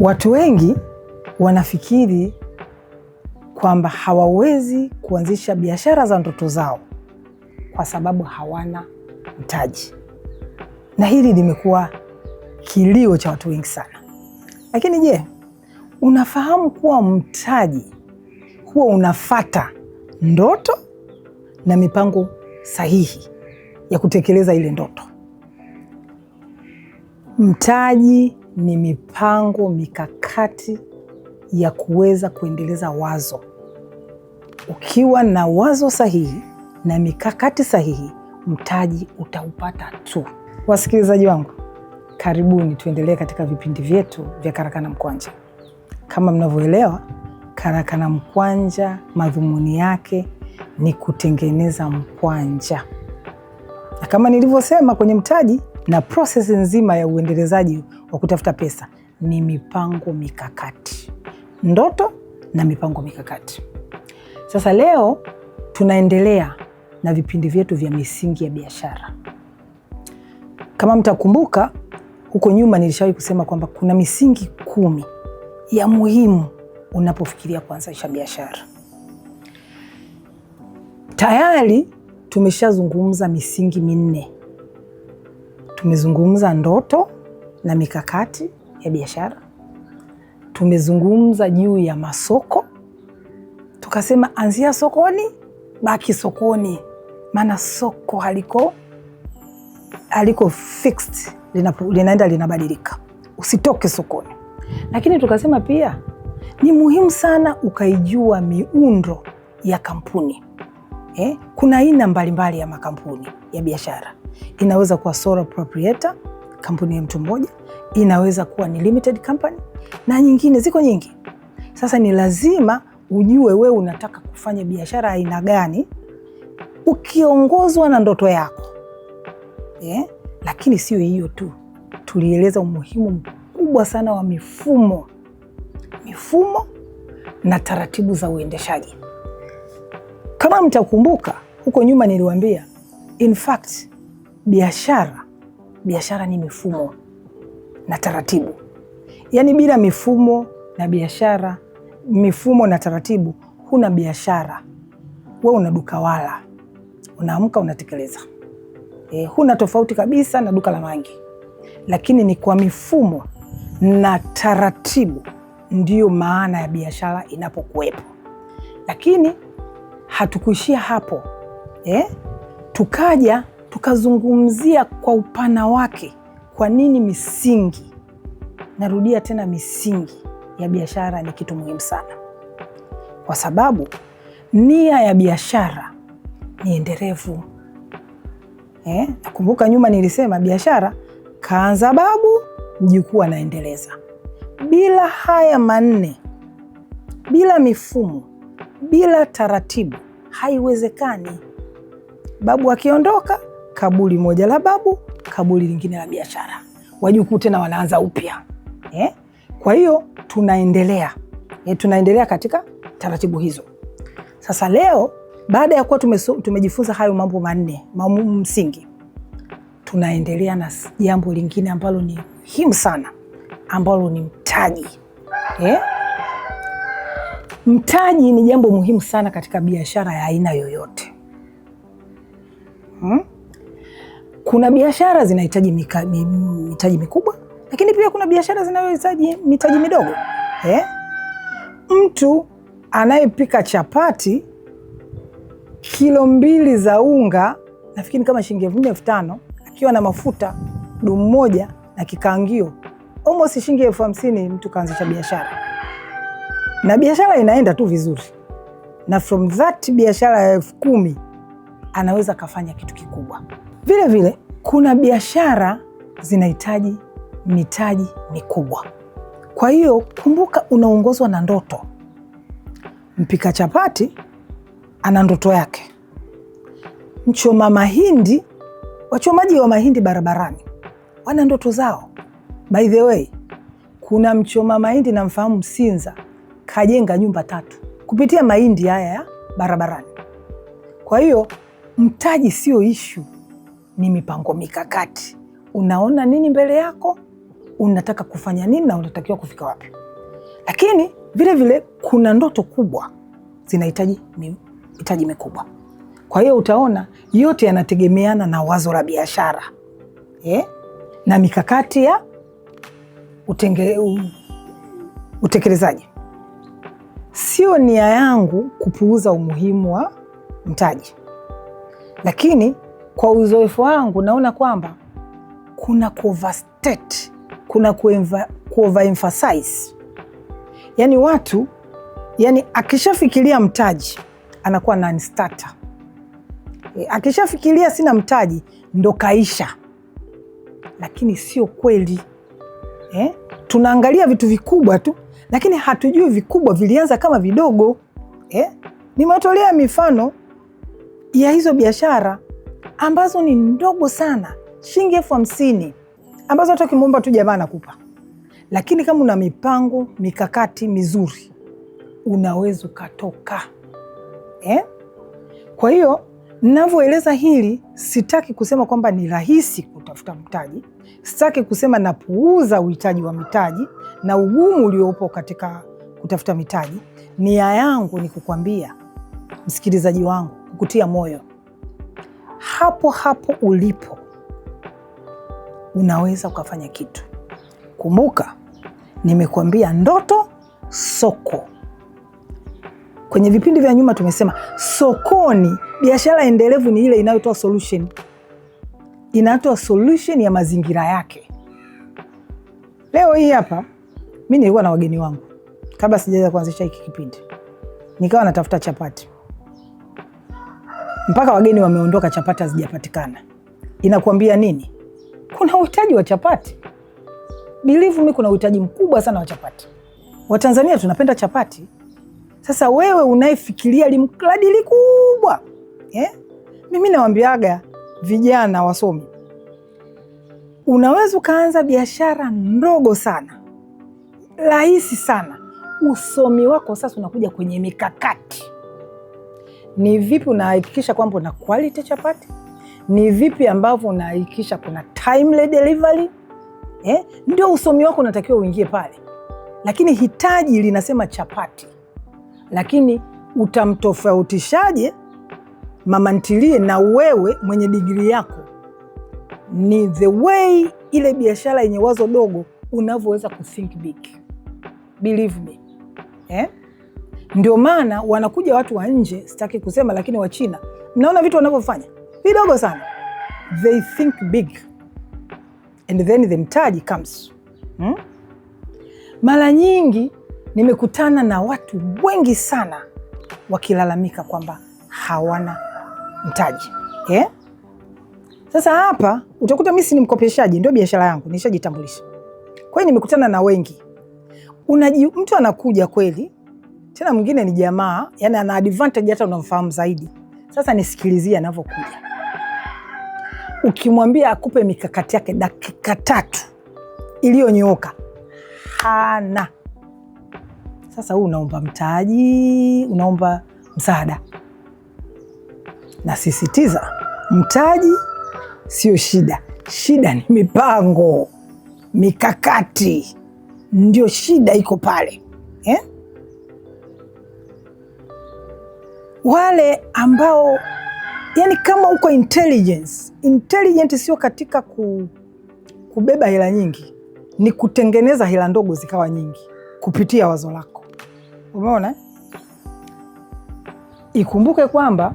Watu wengi wanafikiri kwamba hawawezi kuanzisha biashara za ndoto zao kwa sababu hawana mtaji, na hili limekuwa kilio cha watu wengi sana. Lakini je, unafahamu kuwa mtaji huwa unafata ndoto na mipango sahihi ya kutekeleza ile ndoto? Mtaji ni mipango mikakati ya kuweza kuendeleza wazo. Ukiwa na wazo sahihi na mikakati sahihi, mtaji utaupata tu. Wasikilizaji wangu, karibuni, tuendelee katika vipindi vyetu vya Karakana Mkwanja. Kama mnavyoelewa, Karakana Mkwanja madhumuni yake ni kutengeneza mkwanja, na kama nilivyosema kwenye mtaji na prosesi nzima ya uendelezaji wa kutafuta pesa ni mipango mikakati, ndoto na mipango mikakati. Sasa leo tunaendelea na vipindi vyetu vya misingi ya biashara. Kama mtakumbuka, huko nyuma nilishawahi kusema kwamba kuna misingi kumi ya muhimu unapofikiria kuanzisha biashara. Tayari tumeshazungumza misingi minne Tumezungumza ndoto na mikakati ya biashara, tumezungumza juu ya masoko, tukasema anzia sokoni, baki sokoni, maana soko haliko haliko fixed, linaenda linabadilika, usitoke sokoni. Lakini tukasema pia ni muhimu sana ukaijua miundo ya kampuni eh. Kuna aina mbalimbali ya makampuni ya biashara Inaweza kuwa sole proprietor, kampuni ya mtu mmoja, inaweza kuwa ni limited company na nyingine, ziko nyingi. Sasa ni lazima ujue wewe unataka kufanya biashara aina gani, ukiongozwa na ndoto yako yeah. Lakini sio hiyo tu, tulieleza umuhimu mkubwa sana wa mifumo, mifumo na taratibu za uendeshaji. Kama mtakumbuka huko nyuma niliwambia in fact biashara, biashara ni mifumo na taratibu. Yaani bila mifumo na biashara, mifumo na taratibu, huna biashara. Wewe una duka wala unaamka unatekeleza. E, huna tofauti kabisa na duka la mangi, lakini ni kwa mifumo na taratibu ndiyo maana ya biashara inapokuwepo. Lakini hatukuishia hapo eh, tukaja tukazungumzia kwa upana wake, kwa nini misingi, narudia tena, misingi ya biashara ni kitu muhimu sana, kwa sababu nia ya biashara ni endelevu. Eh, nakumbuka nyuma nilisema biashara kaanza babu, mjukuu anaendeleza. Bila haya manne, bila mifumo, bila taratibu haiwezekani. Babu akiondoka kaburi moja la babu, kaburi lingine la biashara, wajukuu tena wanaanza upya eh? Kwa hiyo tunaendelea eh, tunaendelea katika taratibu hizo. Sasa leo baada ya kuwa tumejifunza hayo mambo manne mambo msingi, tunaendelea na jambo lingine ambalo ni muhimu sana ambalo ni mtaji eh? Mtaji ni jambo muhimu sana katika biashara ya aina yoyote hmm? kuna biashara zinahitaji mitaji mikubwa, lakini pia kuna biashara zinazohitaji mitaji midogo eh? Mtu anayepika chapati kilo mbili za unga nafikiri kama shilingi elfu nne elfu tano akiwa na mafuta dumu moja na kikaangio almost shilingi elfu hamsini mtu kaanzisha biashara na biashara inaenda tu vizuri, na from that biashara ya elfu kumi anaweza kafanya kitu kikubwa. Vile vile kuna biashara zinahitaji mitaji mikubwa. Kwa hiyo kumbuka, unaongozwa na ndoto. Mpika chapati ana ndoto yake, mchoma mahindi, wachomaji wa mahindi barabarani wana ndoto zao. By the way, kuna mchoma mahindi na mfahamu Msinza, kajenga nyumba tatu kupitia mahindi haya ya barabarani. Kwa hiyo mtaji sio ishu ni mipango mikakati. Unaona nini mbele yako, unataka kufanya nini na unatakiwa kufika wapi. Lakini vile vile kuna ndoto kubwa zinahitaji mitaji mikubwa. Kwa hiyo utaona yote yanategemeana na wazo la biashara yeah? na mikakati ya utekelezaji. Sio nia yangu kupuuza umuhimu wa mtaji, lakini kwa uzoefu wangu naona kwamba kuna kuoverstate, kuna kuoveremphasize, yani watu yani akishafikiria mtaji anakuwa non-starter. E, akishafikiria sina mtaji ndo kaisha, lakini sio kweli e? Tunaangalia vitu vikubwa tu, lakini hatujui vikubwa vilianza kama vidogo e? Nimetolea mifano ya hizo biashara ambazo ni ndogo sana, shilingi elfu hamsini ambazo hata ukimwomba tu jamaa anakupa. Lakini kama una mipango mikakati mizuri unaweza ukatoka eh? Kwa hiyo ninavyoeleza hili, sitaki kusema kwamba ni rahisi kutafuta mtaji, sitaki kusema napuuza uhitaji wa mitaji na ugumu uliopo katika kutafuta mitaji. Nia yangu ni kukwambia msikilizaji wangu, kukutia moyo hapo hapo ulipo unaweza ukafanya kitu. Kumbuka, nimekuambia ndoto soko. Kwenye vipindi vya nyuma tumesema sokoni, biashara endelevu ni ile inayotoa solution, inatoa solution ya mazingira yake. Leo hii hapa mi nilikuwa na wageni wangu kabla sijaweza kuanzisha hiki kipindi, nikawa natafuta chapati mpaka wageni wameondoka, chapati hazijapatikana. Inakuambia nini? Kuna uhitaji wa chapati. Believe me, kuna uhitaji mkubwa sana wa chapati. Watanzania tunapenda chapati. Sasa wewe unayefikiria limradi likubwa yeah? Mimi nawambiaga vijana wasomi, unaweza ukaanza biashara ndogo sana, rahisi sana. Usomi wako sasa unakuja kwenye mikakati ni vipi unahakikisha kwamba una quality chapati, ni vipi ambavyo unahakikisha kuna timely delivery eh? Ndio usomi wako unatakiwa uingie pale, lakini hitaji linasema chapati, lakini utamtofautishaje mama ntilie na wewe mwenye digrii yako? Ni the way ile biashara yenye wazo dogo unavyoweza kuthink big, believe me eh? Ndio maana wanakuja watu wa nje, sitaki kusema, lakini Wachina mnaona vitu wanavyofanya vidogo sana, they think big and then the mtaji comes hmm? Mara nyingi nimekutana na watu wengi sana wakilalamika kwamba hawana mtaji yeah? Sasa hapa utakuta mimi si ni mkopeshaji, ndio biashara yangu, nishajitambulisha. Kwa hiyo nimekutana na wengi unaji, mtu anakuja kweli tena mwingine ni jamaa, yani ana advantage hata unamfahamu zaidi. Sasa nisikilizie anavyokuja. Ukimwambia akupe mikakati yake dakika tatu iliyonyooka hana. Sasa huu unaomba mtaji, unaomba msaada. Nasisitiza, mtaji sio shida, shida ni mipango, mikakati, ndio shida iko pale. wale ambao yani kama uko intelligence intelligent sio katika ku, kubeba hela nyingi, ni kutengeneza hela ndogo zikawa nyingi kupitia wazo lako. Umeona, ikumbuke kwamba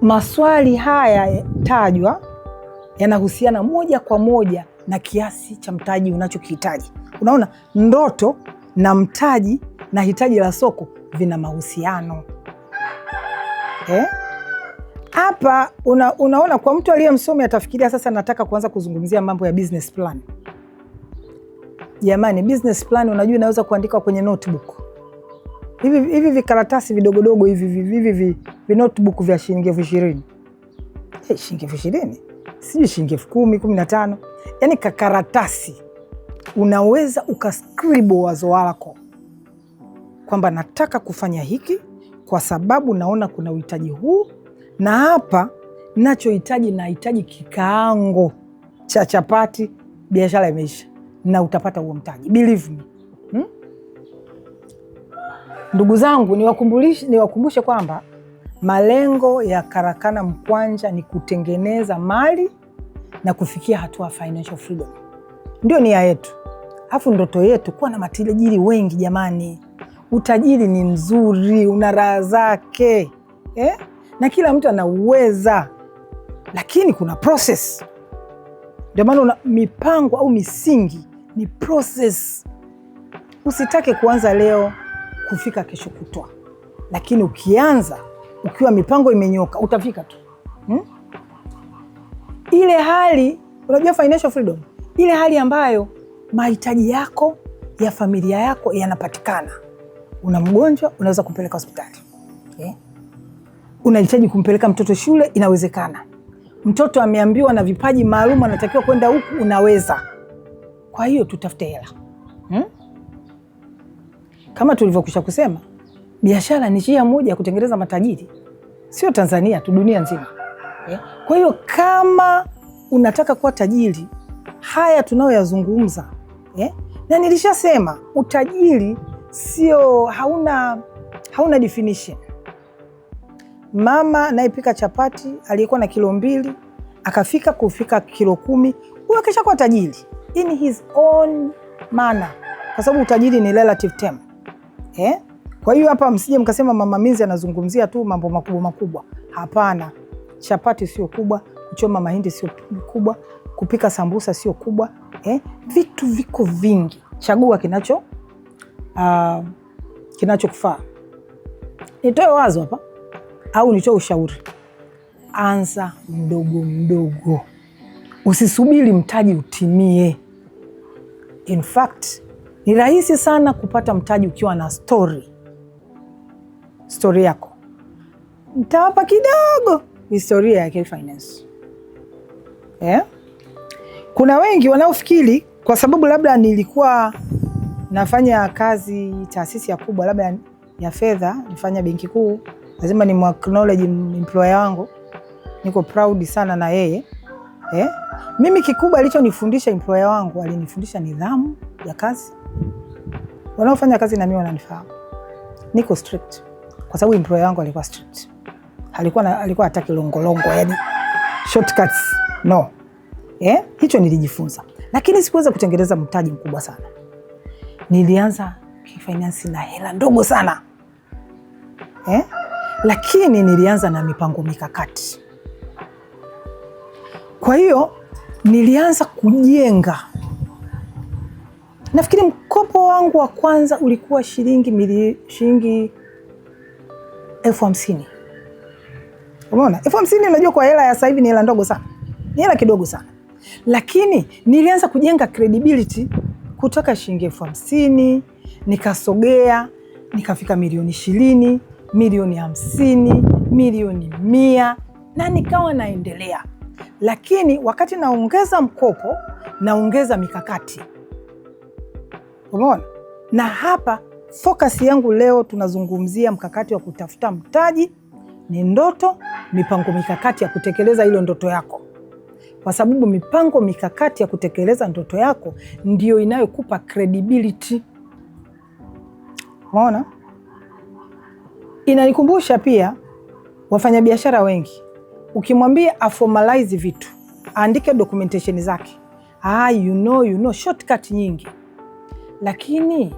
maswali haya tajwa yanahusiana moja kwa moja na kiasi cha mtaji unachokihitaji. Unaona, ndoto na mtaji na hitaji la soko vina mahusiano eh? hapa eh? Una, unaona kwa mtu aliyemsomi atafikiria sasa nataka kuanza kuzungumzia mambo ya business plan. Jamani, business plan unajua inaweza kuandika kwenye notebook hivi hivi vikaratasi vidogodogo hivi hivi notebook vya shilingi elfu ishirini hey, eh, shilingi elfu ishirini sijui shilingi elfu kumi kumi na tano yani kakaratasi unaweza ukaskribo wazo wako kwamba nataka kufanya hiki kwa sababu naona kuna uhitaji huu, na hapa nachohitaji, nahitaji kikaango cha chapati, biashara imeisha, na utapata huo mtaji, believe me. Hmm? Ndugu zangu, niwakumbushe kwamba malengo ya Karakana Mkwanja ni kutengeneza mali na kufikia hatua financial freedom. Ndio nia yetu, alafu ndoto yetu kuwa na matajiri wengi jamani. Utajiri ni mzuri, una raha zake eh? na kila mtu anauweza, lakini kuna process. Ndio maana mipango au misingi ni process. Usitake kuanza leo kufika kesho kutwa, lakini ukianza ukiwa mipango imenyoka utafika tu hmm? ile hali unajua financial freedom, ile hali ambayo mahitaji yako ya familia yako yanapatikana una mgonjwa, unaweza kumpeleka hospitali okay. Unahitaji kumpeleka mtoto shule, inawezekana. Mtoto ameambiwa na vipaji maalum anatakiwa kwenda huku, unaweza. Kwa hiyo tutafute hela hmm? Kama tulivyokwisha kusema, biashara ni njia moja ya kutengeneza matajiri, sio Tanzania tu, dunia nzima okay. Kwa hiyo kama unataka kuwa tajiri, haya tunayoyazungumza okay. Na nilishasema utajiri sio hauna, hauna definition. Mama anayepika chapati aliyekuwa na kilo mbili akafika kufika kilo kumi, huyo akishakuwa tajiri in his own manner, kwa sababu utajiri ni relative term eh? Kwa hiyo hapa msije mkasema Mama Minzi anazungumzia tu mambo makubwa makubwa. Hapana, chapati sio kubwa, kuchoma mahindi sio kubwa, kupika sambusa sio kubwa eh? Vitu viko vingi, chagua kinacho Ah, kinachokufaa. Nitoe wazo hapa au nitoe ushauri? Anza mdogo mdogo, usisubiri mtaji utimie. In fact ni rahisi sana kupata mtaji ukiwa na stori, stori yako. Nitawapa kidogo historia ya K Finance. Yeah? Kuna wengi wanaofikiri kwa sababu labda nilikuwa nafanya kazi taasisi ya kubwa labda ya, ya fedha, nifanya benki kuu, lazima ni acknowledge employer wangu, niko proud sana na yeye eh? Mimi kikubwa alichonifundisha employer wangu, alinifundisha nidhamu ya kazi. Wanaofanya kazi na mimi wananifahamu niko strict, kwa sababu employer wangu alikuwa strict, alikuwa na, alikuwa hataki longolongo, yani shortcuts no eh? Hicho nilijifunza, lakini sikuweza kutengeneza mtaji mkubwa sana nilianza kifinansi na hela ndogo sana eh? Lakini nilianza na mipango mikakati. Kwa hiyo nilianza kujenga. Nafikiri mkopo wangu wa kwanza ulikuwa shilingi mili, shilingi elfu hamsini. Umeona, elfu hamsini unajua, kwa hela ya sasa hivi ni hela ndogo sana, ni hela kidogo sana, lakini nilianza kujenga credibility kutoka shilingi elfu hamsini nikasogea nikafika milioni ishirini, milioni hamsini, milioni mia na nikawa naendelea. Lakini wakati naongeza mkopo naongeza mikakati, umeona. Na hapa fokasi yangu leo tunazungumzia mkakati wa kutafuta mtaji, ni ndoto, mipango mikakati ya kutekeleza hilo ndoto yako kwa sababu mipango mikakati ya kutekeleza ndoto yako ndiyo inayokupa credibility. Umeona, inanikumbusha pia wafanyabiashara wengi, ukimwambia aformalize vitu, aandike documentation zake, ah, you know, you know, shortcut nyingi, lakini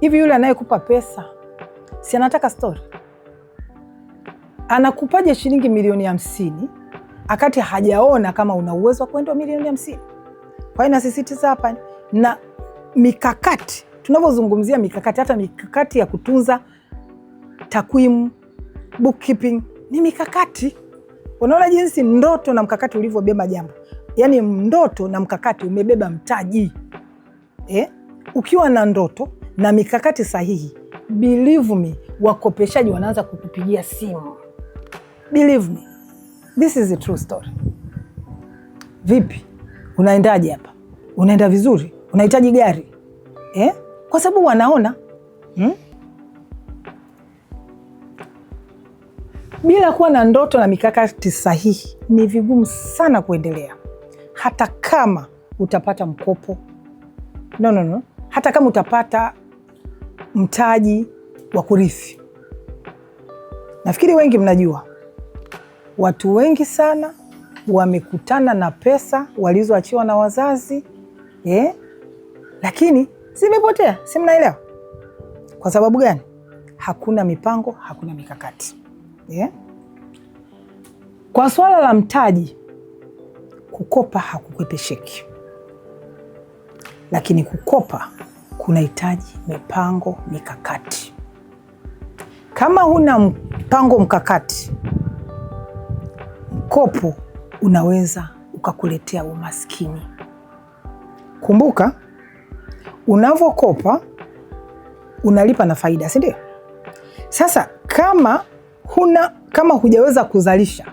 hivi yule anayekupa pesa si anataka story? Anakupaje shilingi milioni hamsini akati hajaona kama una uwezo wa kuendwa milioni hamsini. Kwa hiyo nasisitiza hapa na mikakati, tunavyozungumzia mikakati, hata mikakati ya kutunza takwimu bookkeeping ni mikakati. Unaona jinsi ndoto na mkakati ulivyobeba jambo, yaani ndoto na mkakati umebeba mtaji eh? Ukiwa na ndoto na mikakati sahihi, believe me, wakopeshaji wanaanza kukupigia simu, believe me. This is a true story. Vipi, unaendaje hapa? Unaenda vizuri? Unahitaji gari eh? Kwa sababu wanaona hmm? Bila kuwa na ndoto na mikakati sahihi ni vigumu sana kuendelea, hata kama utapata mkopo no, no, no. Hata kama utapata mtaji wa kurithi. Nafikiri wengi mnajua Watu wengi sana wamekutana na pesa walizoachiwa na wazazi eh, lakini zimepotea. Si mnaelewa kwa sababu gani? Hakuna mipango, hakuna mikakati eh. Kwa swala la mtaji, kukopa hakukwepesheki, lakini kukopa kunahitaji mipango mikakati. Kama huna mpango mkakati mkopo unaweza ukakuletea umaskini. Kumbuka, unavyokopa unalipa na faida, si ndio? Sasa kama huna kama hujaweza kuzalisha,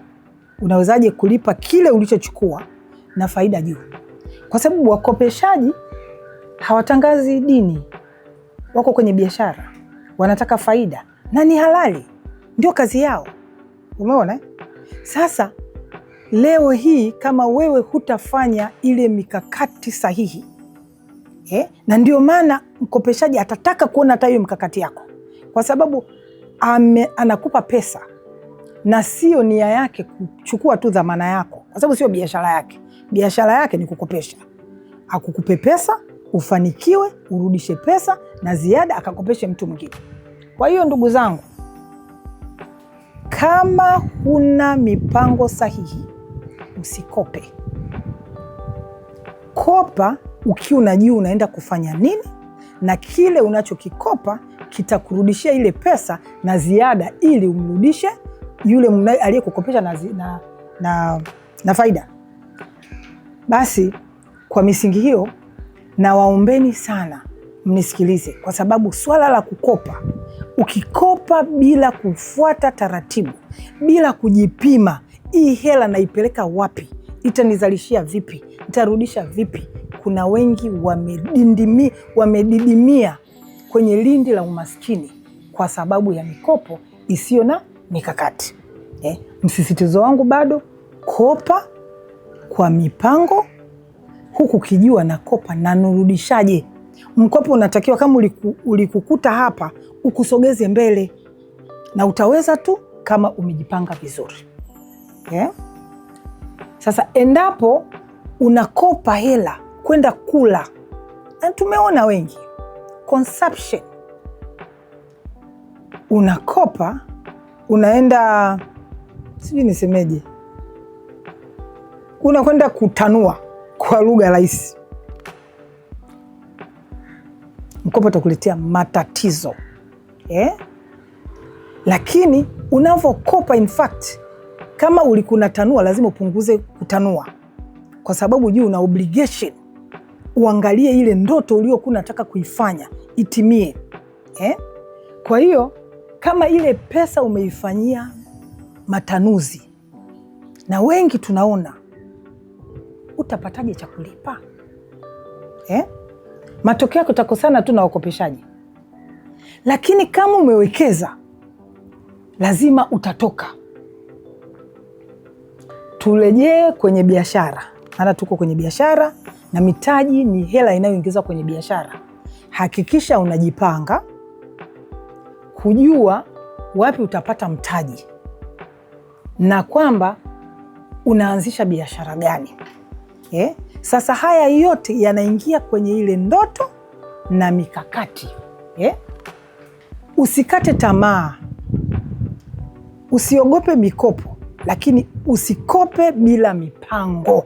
unawezaje kulipa kile ulichochukua na faida juu? Kwa sababu wakopeshaji hawatangazi dini, wako kwenye biashara, wanataka faida na ni halali, ndio kazi yao. Umeona? Sasa leo hii kama wewe hutafanya ile mikakati sahihi eh? Na ndio maana mkopeshaji atataka kuona hata hiyo mikakati yako, kwa sababu ame, anakupa pesa na sio nia yake kuchukua tu dhamana yako, kwa sababu sio biashara yake. Biashara yake ni kukopesha, akukupe pesa ufanikiwe, urudishe pesa na ziada, akakopeshe mtu mwingine. Kwa hiyo ndugu zangu, kama huna mipango sahihi usikope. Kopa ukiwa unajua unaenda kufanya nini, na kile unachokikopa kitakurudishia ile pesa na ziada, ili umrudishe yule aliyekukopesha na, na, na, na faida. Basi kwa misingi hiyo, nawaombeni sana mnisikilize, kwa sababu swala la kukopa, ukikopa bila kufuata taratibu, bila kujipima hii hela naipeleka wapi? Itanizalishia vipi? Itarudisha vipi? Kuna wengi wamedidimia, wamedidimia kwenye lindi la umaskini kwa sababu ya mikopo isiyo na mikakati eh. Msisitizo wangu bado kopa kwa mipango, huku kijua na kopa na nurudishaje. Mkopo unatakiwa kama uliku, ulikukuta hapa ukusogeze mbele, na utaweza tu kama umejipanga vizuri eh? Sasa endapo unakopa hela kwenda kula, na tumeona wengi consumption, unakopa unaenda, sijui nisemeje, unakwenda kutanua kwa lugha rahisi, mkopo utakuletea matatizo eh? Lakini unavyokopa in fact kama ulikuna tanua lazima upunguze kutanua, kwa sababu juu una obligation uangalie ile ndoto uliokuwa unataka kuifanya itimie eh? Kwa hiyo kama ile pesa umeifanyia matanuzi, na wengi tunaona utapataje cha kulipa eh? Matokeo yako utakosana tu na wakopeshaji, lakini kama umewekeza lazima utatoka Turejee kwenye biashara, maana tuko kwenye biashara na mitaji ni hela inayoingiza kwenye biashara. Hakikisha unajipanga kujua wapi utapata mtaji na kwamba unaanzisha biashara gani. Eh? Sasa haya yote yanaingia kwenye ile ndoto na mikakati eh? Usikate tamaa, usiogope mikopo, lakini usikope bila mipango.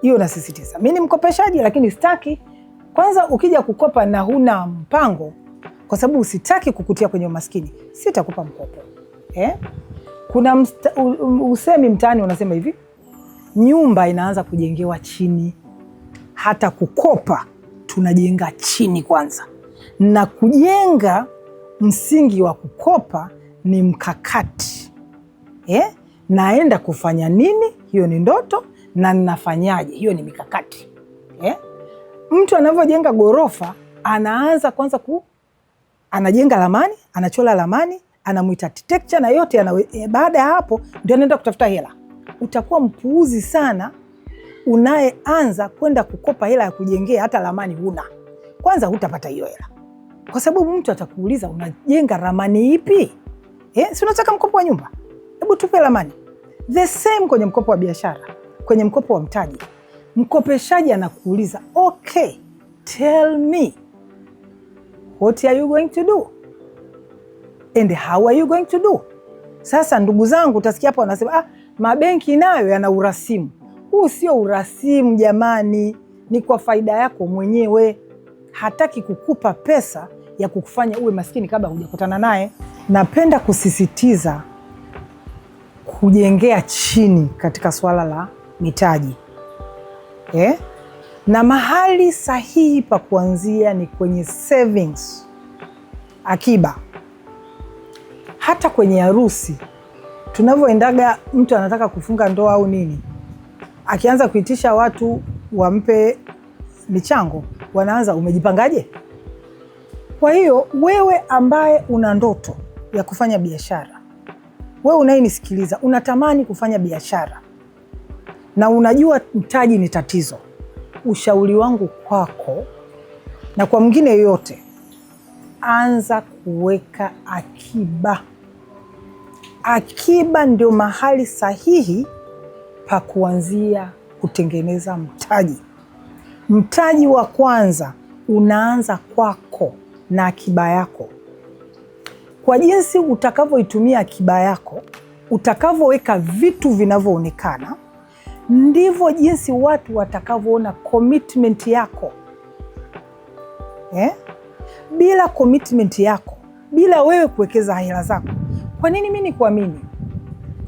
Hiyo nasisitiza, mi ni mkopeshaji, lakini sitaki kwanza ukija kukopa na huna mpango, kwa sababu usitaki kukutia kwenye umaskini, sitakupa mkopo eh? Kuna msta, usemi mtaani unasema hivi, nyumba inaanza kujengewa chini. Hata kukopa tunajenga chini kwanza, na kujenga msingi wa kukopa ni mkakati eh? naenda kufanya nini, hiyo ni ndoto, na ninafanyaje, hiyo ni mikakati eh? Mtu anavyojenga ghorofa anaanza kwanza ku anajenga ramani, anachola ramani, anamwita architecture na yote anawe, e, eh, baada ya hapo ndio anaenda kutafuta hela. Utakuwa mpuuzi sana unayeanza kwenda kukopa hela ya kujengea, hata ramani huna. Kwanza hutapata hiyo hela, kwa sababu mtu atakuuliza unajenga ramani ipi? Eh, si unataka mkopo wa nyumba? Hebu tupe ramani. The same kwenye mkopo wa biashara, kwenye mkopo wa mtaji, mkopeshaji anakuuliza okay, tell me what are you going to do and how are you going to do. Sasa ndugu zangu, utasikia hapo wanasema ah, mabenki nayo yana urasimu. Huu sio urasimu jamani, ni kwa faida yako mwenyewe. Hataki kukupa pesa ya kukufanya uwe maskini kabla hujakutana naye. Napenda kusisitiza kujengea chini katika swala la mitaji eh? Na mahali sahihi pa kuanzia ni kwenye savings, akiba. Hata kwenye harusi tunavyoendaga, mtu anataka kufunga ndoa au nini, akianza kuitisha watu wampe michango, wanaanza umejipangaje? Kwa hiyo wewe ambaye una ndoto ya kufanya biashara wewe unayenisikiliza unatamani kufanya biashara na unajua mtaji ni tatizo, ushauri wangu kwako na kwa mwingine yoyote, anza kuweka akiba. Akiba ndio mahali sahihi pa kuanzia kutengeneza mtaji. Mtaji wa kwanza unaanza kwako na akiba yako kwa jinsi utakavyoitumia akiba yako, utakavyoweka vitu vinavyoonekana, ndivyo jinsi watu watakavyoona commitment yako eh? Bila commitment yako, bila wewe kuwekeza hela zako, kwa nini mi nikuamini?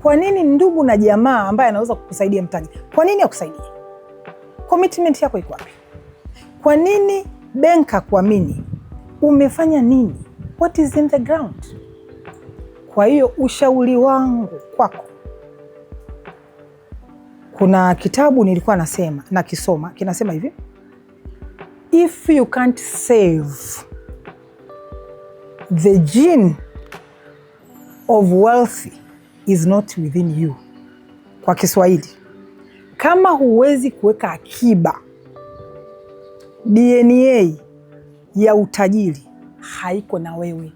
Kwa nini ndugu na jamaa ambaye anaweza kukusaidia mtaji, kwa nini akusaidie? Commitment yako iko wapi? Kwa nini benka kuamini? Umefanya nini? what is in the ground. Kwa hiyo ushauri wangu kwako, kuna kitabu nilikuwa nasema nakisoma kinasema hivi, if you can't save the gene of wealth is not within you. Kwa Kiswahili, kama huwezi kuweka akiba DNA ya utajiri haiko na wewe.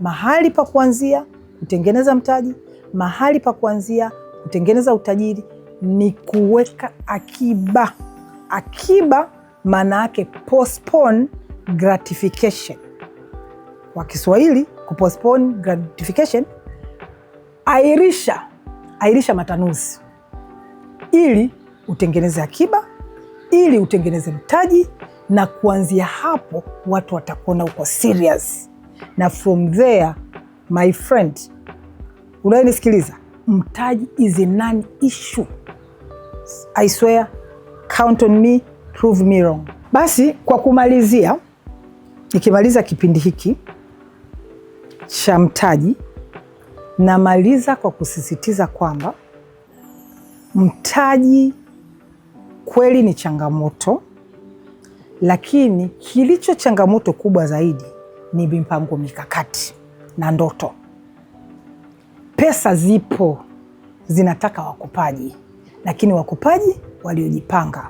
Mahali pa kuanzia kutengeneza mtaji, mahali pa kuanzia kutengeneza utajiri ni kuweka akiba. Akiba maana yake postpone gratification, kwa Kiswahili postpone gratification, airisha, airisha matanuzi ili utengeneze akiba, ili utengeneze mtaji na kuanzia hapo watu watakuona uko serious, na from there my friend, unayenisikiliza, mtaji is a non issue. I swear, count on me, prove me wrong. Basi kwa kumalizia, nikimaliza kipindi hiki cha mtaji, namaliza kwa kusisitiza kwamba mtaji kweli ni changamoto lakini kilicho changamoto kubwa zaidi ni mipango mikakati na ndoto. Pesa zipo, zinataka wakopaji, lakini wakopaji waliojipanga.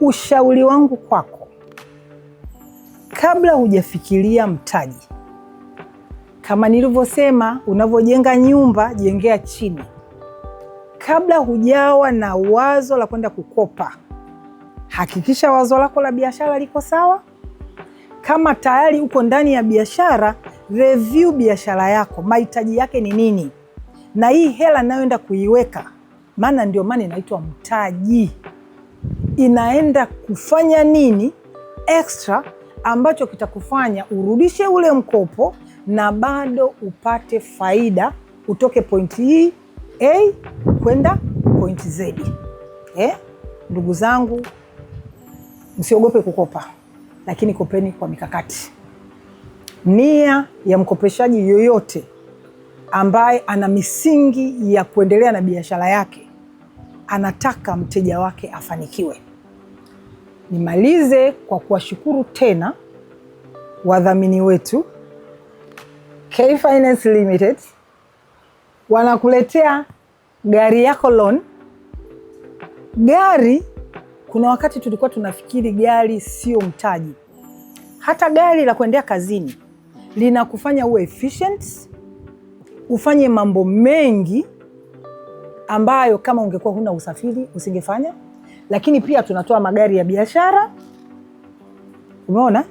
Ushauri wangu kwako, kabla hujafikiria mtaji, kama nilivyosema, unavyojenga nyumba, jengea chini. Kabla hujawa na wazo la kwenda kukopa hakikisha wazo lako la biashara liko sawa. Kama tayari uko ndani ya biashara, review biashara yako, mahitaji yake ni nini, na hii hela nayoenda kuiweka, maana ndio maana inaitwa mtaji, inaenda kufanya nini extra ambacho kitakufanya urudishe ule mkopo na bado upate faida, utoke pointi hii e, A kwenda pointi Z. Eh, ndugu zangu Msiogope kukopa, lakini kopeni kwa mikakati. Nia ya mkopeshaji yoyote ambaye ana misingi ya kuendelea na biashara yake, anataka mteja wake afanikiwe. Nimalize kwa kuwashukuru tena wadhamini wetu K Finance Limited, wanakuletea gari yako loan gari kuna wakati tulikuwa tunafikiri gari sio mtaji. Hata gari la kuendea kazini linakufanya uwe efficient, ufanye mambo mengi ambayo kama ungekuwa huna usafiri usingefanya. Lakini pia tunatoa magari ya biashara, umeona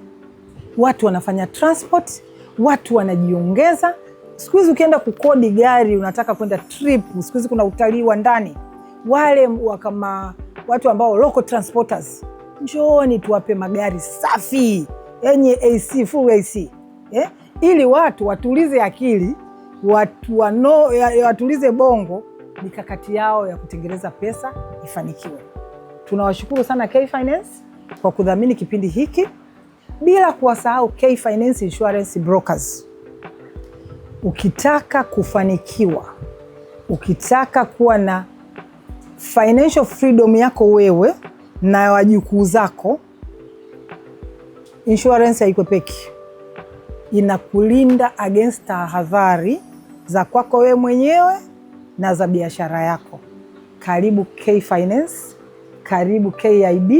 watu wanafanya transport, watu wanajiongeza. Siku hizi ukienda kukodi gari, unataka kwenda trip, siku hizi kuna utalii wa ndani, wale wakama watu ambao local transporters, njooni tuwape magari safi yenye AC, full AC eh? ili watu watulize akili watu wano, watulize bongo, mikakati yao ya kutengeneza pesa ifanikiwe. Tunawashukuru sana K Finance kwa kudhamini kipindi hiki, bila kuwasahau K Finance Insurance Brokers. Ukitaka kufanikiwa, ukitaka kuwa na financial freedom yako wewe na wajukuu zako, insurance haikwepeki, inakulinda against tahadhari za kwako wewe mwenyewe na za biashara yako. Karibu K Finance, karibu KIB,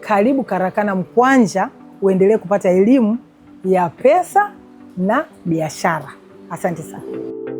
karibu Karakana Mkwanja, uendelee kupata elimu ya pesa na biashara. Asante sana.